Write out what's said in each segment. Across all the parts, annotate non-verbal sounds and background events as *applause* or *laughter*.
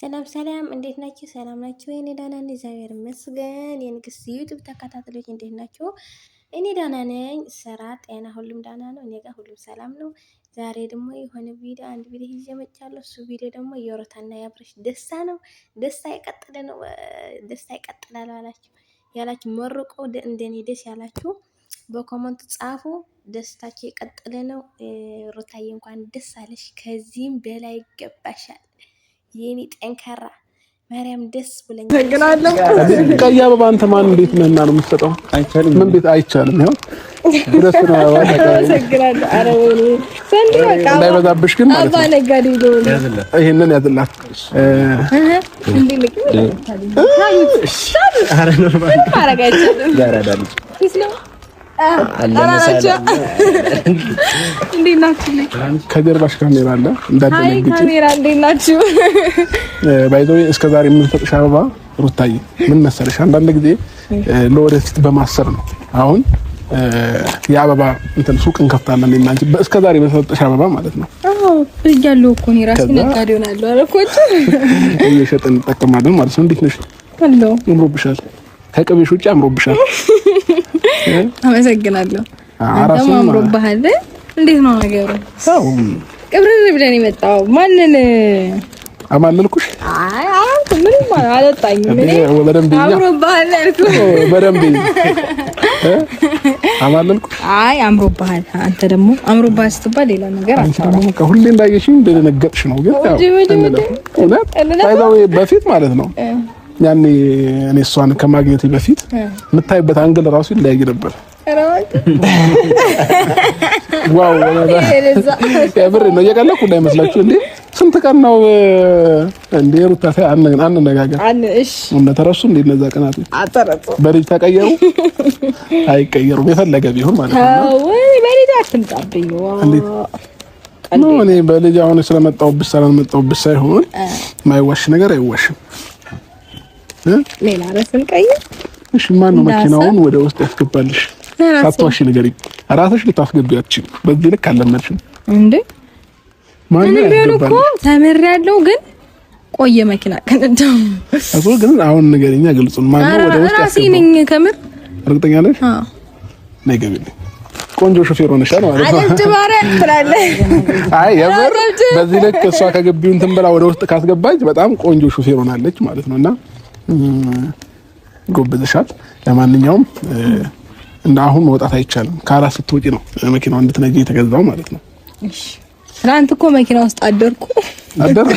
ሰላም ሰላም፣ እንዴት ናችሁ? ሰላም ናችሁ? እኔ ዳና ነኝ፣ እግዚአብሔር ይመስገን። የንግስት ዩቲዩብ ተከታታዮች እንዴት ናችሁ? እኔ ዳና ነኝ። ስራ፣ ጤና፣ ሁሉም ዳና ነው። እኔ ጋር ሁሉም ሰላም ነው። ዛሬ ደግሞ የሆነ ቪዲዮ አንድ ቪዲዮ ይዤ መጥቻለሁ። እሱ ቪዲዮ ደግሞ የሮታና የአብርሽ ደስታ ነው። ደስታ ይቀጥል ነው። ደስታ ይቀጥላል አላችሁ ያላችሁ መርቆ እንደኔ ደስ ያላችሁ በኮመንት ጻፉ። ደስታችሁ የቀጠለ ነው። ሩታዬ እንኳን ደስ አለሽ፣ ከዚህም በላይ ይገባሻል። የኔ ጠንካራ ማርያም ደስ ብለኝ ተገናለሁ። ቀይ አበባ አንተ ማን እንዴት ነህና ነው የምትሰጠው? አይቻልም፣ ምን ቤት አይቻልም። ያው ድረስ ነው ያው ተገናለሁ። እንዳይበዛብሽ ግን ማለት ነው። ይሄንን ያዝላት። እንዴ ልክ ነው ከጀርባሽ ካሜራ አለ እንዳደነግጭ። ባይዘ እስከ ዛሬ የምንሰጥሽ አበባ ሩታዬ ምን መሰለሽ፣ አንዳንድ ጊዜ ለወደፊት በማሰብ ነው። አሁን የአበባ እንትን ሱቅ እንከፍታለን እና አንቺ እስከ ዛሬ በሰጠሽ አበባ ማለት ነው እያለሁ እኮ እኔ እራሴ ነጋዴ ሆናለሁ አልኮት እየሸጥን እንጠቀማለን ማለት ነው። እንዴት ነሽ? አምሮብሻል። ከቅቤሽ ውጭ አምሮብሻል። አመሰግናለሁ። ደግሞ አምሮብሃል። እንዴት ነው ነገሩ? ሰው ቅብርር ብለን የመጣው ማንን አማንልኩሽ? አይ አሁን ምንም አልወጣኝም። እኔ አምሮብሃል አልኩህ። በደንብ አማንልኩሽ? አይ አንተ ደግሞ አምሮብሃል ስትባል ሌላ ነገር አታውራ። ሁሌ እንዳየሽኝ እንደደነገጥሽ ነው። ግን ያው በፊት ማለት ነው ያኔ እኔ እሷን ከማግኘት በፊት የምታይበት አንግል ራሱ ይለያይ ነበር። *laughs* ዋው ብር *laughs* ነው እየቀለኩ እንዳይመስላችሁ እንዴ! ስንት ቀን ነው እንዴ? ሩታ አንነጋገር እነተረሱ እንዴ? እነዛ ቀናት በልጅ ተቀየሩ አይቀየሩም፣ የፈለገ ቢሆን ማለት ነው። እኔ በልጅ አሁን ስለመጣሁብሽ ስላልመጣሁብሽ ሳይሆን ማይዋሽ ነገር አይዋሽም። ሌላ ራስን ቀይር። እሺ፣ ማን ነው መኪናውን ወደ ውስጥ ያስገባልሽ? ሳትዋሺ ንገሪኝ። ራስሽ ልታስገቢ አትችልም። በዚህ ልክ አልለመድሽም እንዴ? ምንም ቢሆን እኮ ተምሬያለሁ፣ ግን ቆየ መኪና ከነዳው እሱ ግን አሁን ንገሪኛ፣ ግልጹን ማን ነው ወደ ውስጥ ራሴ ነኝ። ከምር እርግጠኛ ነሽ? አዎ፣ ነገርልኝ ቆንጆ ሾፌር ሆነሻል ማለት ነው። *laughs* አይ የምር በዚህ ልክ እሷ ከግቢው እንትን ብላ ወደ ውስጥ ካስገባች በጣም ቆንጆ ሾፌር ሆናለች ማለት ነውና ጎብዘሻል። ለማንኛውም እንደ አሁን መውጣት አይቻልም። ከአራት ስትወጪ ነው መኪናው እንድትነጂ የተገዛው ማለት ነው። ትናንት እኮ መኪና ውስጥ አደርኩ አደርኩ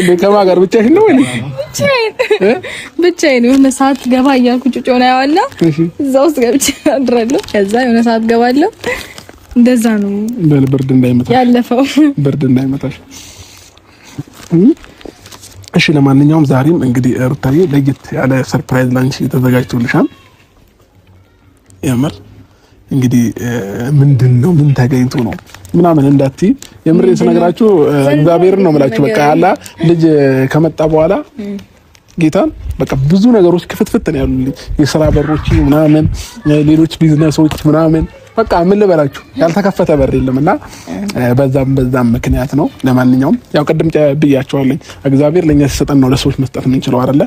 እንዴ! ከማን ጋር ብቻሽን ነው ወይ? ብቻዬን ብቻዬን የሆነ ሰዓት ገባ እያልኩ ጩጮና ያዋላ እዛ ውስጥ ገብቼ አድራለሁ። ከዛ የሆነ ሰዓት ገባለሁ። እንደዛ ነው። ብርድ እንዳይመታሽ ያለፈው ብርድ እንዳይመታሽ እሺ ለማንኛውም ዛሬም እንግዲህ ሩታዬ ለየት ያለ ሰርፕራይዝ ላንች ተዘጋጅቶልሻል። የምር እንግዲህ ምንድን ነው ምን ተገኝቶ ነው ምናምን እንዳትዪ፣ የምር ስነግራችሁ እግዚአብሔርን ነው የምላችሁ። በቃ ያላ ልጅ ከመጣ በኋላ ጌታን በቃ ብዙ ነገሮች ክፍትፍት ነው ያሉልኝ፣ የስራ በሮች ምናምን፣ ሌሎች ቢዝነሶች ምናምን በቃ ምን ልበላችሁ ያልተከፈተ በር የለም እና በዛም በዛም ምክንያት ነው። ለማንኛውም ያው ቅድም ብያቸዋለኝ እግዚአብሔር ለእኛ ሲሰጠን ነው ለሰዎች መስጠት የምንችለው አይደለ?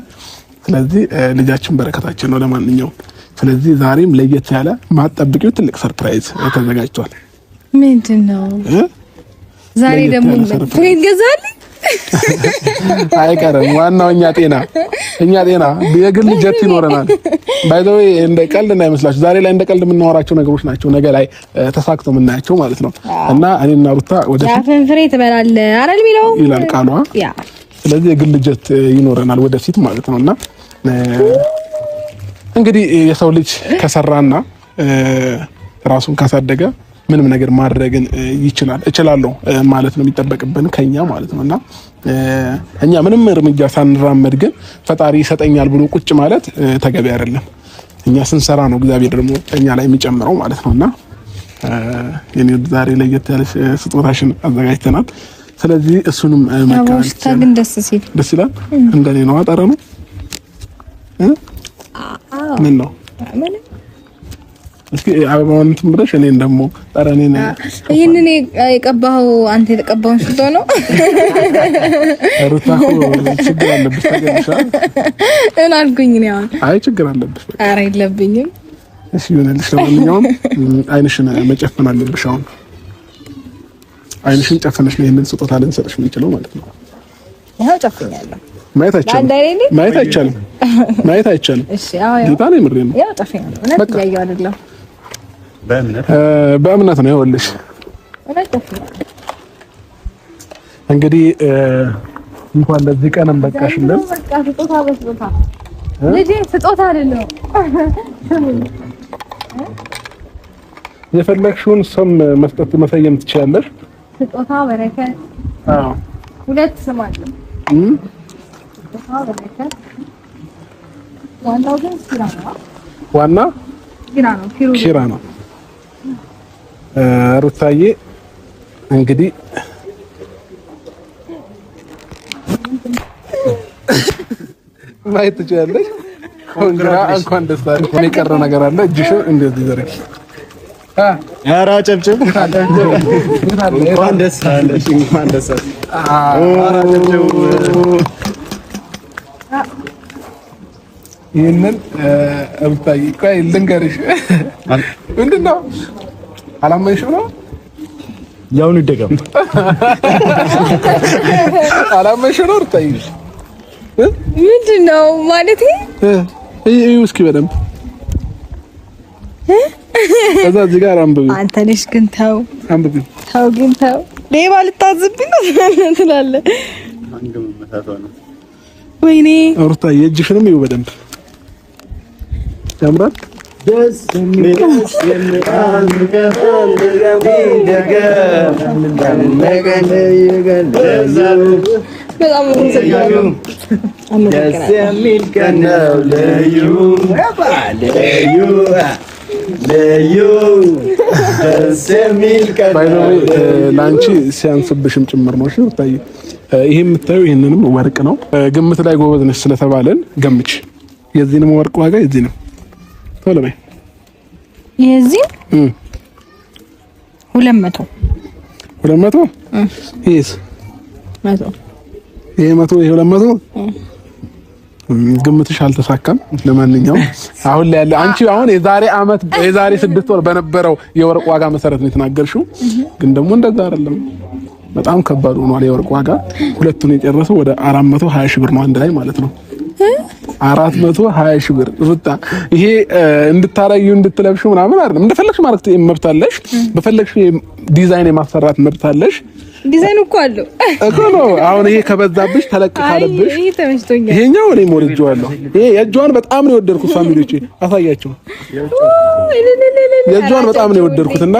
ስለዚህ ልጃችን በረከታችን ነው። ለማንኛውም ስለዚህ ዛሬም ለየት ያለ ማጠብቂው ትልቅ ሰርፕራይዝ ተዘጋጅቷል። ምንድን ነው ዛሬ ደግሞ ትሬን ገዛልኝ *laughs* አይቀርም። ዋናው እኛ ጤና እኛ ጤና የግል ጀት ይኖረናል። ባይዘዌ እንደ ቀልድ እንዳይመስላችሁ፣ ዛሬ ላይ እንደ ቀልድ የምናወራቸው ነገሮች ናቸው። ነገ ላይ ተሳክቶ የምናያቸው ማለት ነው። እና እኔና ሩታ ወደ ፍሬ ትበላለ አረል ሚለው ይላል ቃሏ። ስለዚህ የግል ጀት ይኖረናል ወደፊት ማለት ነው። እና እንግዲህ የሰው ልጅ ከሰራና ራሱን ካሳደገ ምንም ነገር ማድረግን ይችላል እችላለሁ ማለት ነው የሚጠበቅብን ከኛ ማለት ነው እና እኛ ምንም እርምጃ ሳንራመድ ግን ፈጣሪ ይሰጠኛል ብሎ ቁጭ ማለት ተገቢ አይደለም። እኛ ስንሰራ ነው እግዚአብሔር ደግሞ እኛ ላይ የሚጨምረው ማለት ነው እና የኔ ዛሬ ለየት ያለች ስጦታሽን አዘጋጅተናል። ስለዚህ እሱንም ደስ ሲል ደስ ይላል። እንደኔ ነው አጠረ ነው ምን ነው አበባውን እንትን ብለሽ እኔን ደግሞ ጠረኔ ነው። ይህንን የቀባኸው አንተ የተቀባውን ሽቶ ነው። ሩታ ችግር አለብሽ ተገኝሻል። ምን አልኩኝ? አሁን? አይ ችግር አለብሽ። ኧረ የለብኝም። እሺ ይሁንልሽ። ለማንኛውም አይንሽን መጨፈን አለብሽ። አሁን አይንሽን ጨፈነሽ ነው ይህንን ስጦታ ልንሰጥሽ የምንችለው ማለት ነው። ይኸው ጨፍኛለሁ። ማየት አይቻልም። ማየት አይቻልም። ማየት አይቻልም። ጌታ ነው። ምሬ ነው። ያው ጠፊ ነው። እውነት እያየሁ አይደለም በእምነት ነው ይኸውልሽ እንግዲህ እንኳን ለዚህ ቀንም እንበቃሽለን። ስጦታ አይደለም። የፈለግሽውን ስም መስጠት መሰየም ትችላለሽ። ስጦታ በረከት። አዎ ሁለት ስም አለ። ስጦታ በረከት። ዋናው ግን ኪራ ነው። ዋና ኪራ ነው። ኪራ ነው። ሩታዬ እንግዲህ ማየት ትችላለች። ኮንግራ እንኳን ደስ አለሽ። እኔ ቀረ ነገር አለ። እጅሽ እንደዚህ ዘርጊ። ኧረ አጨብጭብ። እንኳን ደስ አለሽ። እንኳን ደስ አለሽ። ይህንን እምታይ ቆይ ልንገርሽ። ምንድን ነው አላመንሽም ነው ያውኑ ይደገም አላመሽ ነው እምታይ ምንድን ነው ማለት እዩ እስኪ በደንብ ከዛ እዚህ ጋር አንብብ አንተ ልጅ ግን ተው አንብብ ተው ግን ተው። ሌባ ልታዝብኝ ነው ትላለህ። ወይኔ ሩታ የእጅሽንም እዩ በደንብ ያምራል። ደስ የሚል ቀን ነው ልዩ ልዩ ልዩ ደስ የሚል ቀን ነው። ለአንቺ ሲያንስብሽም ጭምር ነው። uh, የምታዩ ይህንንም ወርቅ ነው። uh, ግምት ላይ ጎበዝ ነሽ ስለተባለን ገምች። የዚህንም ወርቅ ዋጋ የዚህ ነው። ቶሎ በይ። የዚህ ሁለት መቶ ሁለት መቶ ይሄስ መቶ ይሄ መቶ ይሄ ሁለት መቶ ግምትሽ አልተሳካም። ለማንኛውም አሁን ላይ ያለው አንቺ አሁን የዛሬ አመት የዛሬ ስድስት ወር በነበረው የወርቅ ዋጋ መሰረት ነው የተናገርሽው፣ ግን ደግሞ እንደዛ አይደለም። በጣም ከባድ ሆኗል የወርቅ ዋጋ። ሁለቱን የጨረሰው ወደ 420 ሺህ ብር ነው አንድ ላይ ማለት ነው። አራት መቶ ሀያ ሺህ ብር ሩታ፣ ይሄ እንድታረዩ እንድትለብሹ ምናምን አይደለም። እንደፈለግሽ ማለት መብት አለሽ። በፈለግሽ ዲዛይን የማሰራት መብት አለሽ። ዲዛይን እኮ አለው እኮ ነው። አሁን ይሄ ከበዛብሽ ተለቅ ካለብሽ ይሄ ተመችቶኛል። ይሄኛው እኔም ወድጄዋለሁ። ይሄ የእጇን በጣም ነው የወደድኩት። ፋሚሊዎቼ አሳያቸው። የእጇን በጣም ነው የወደድኩትና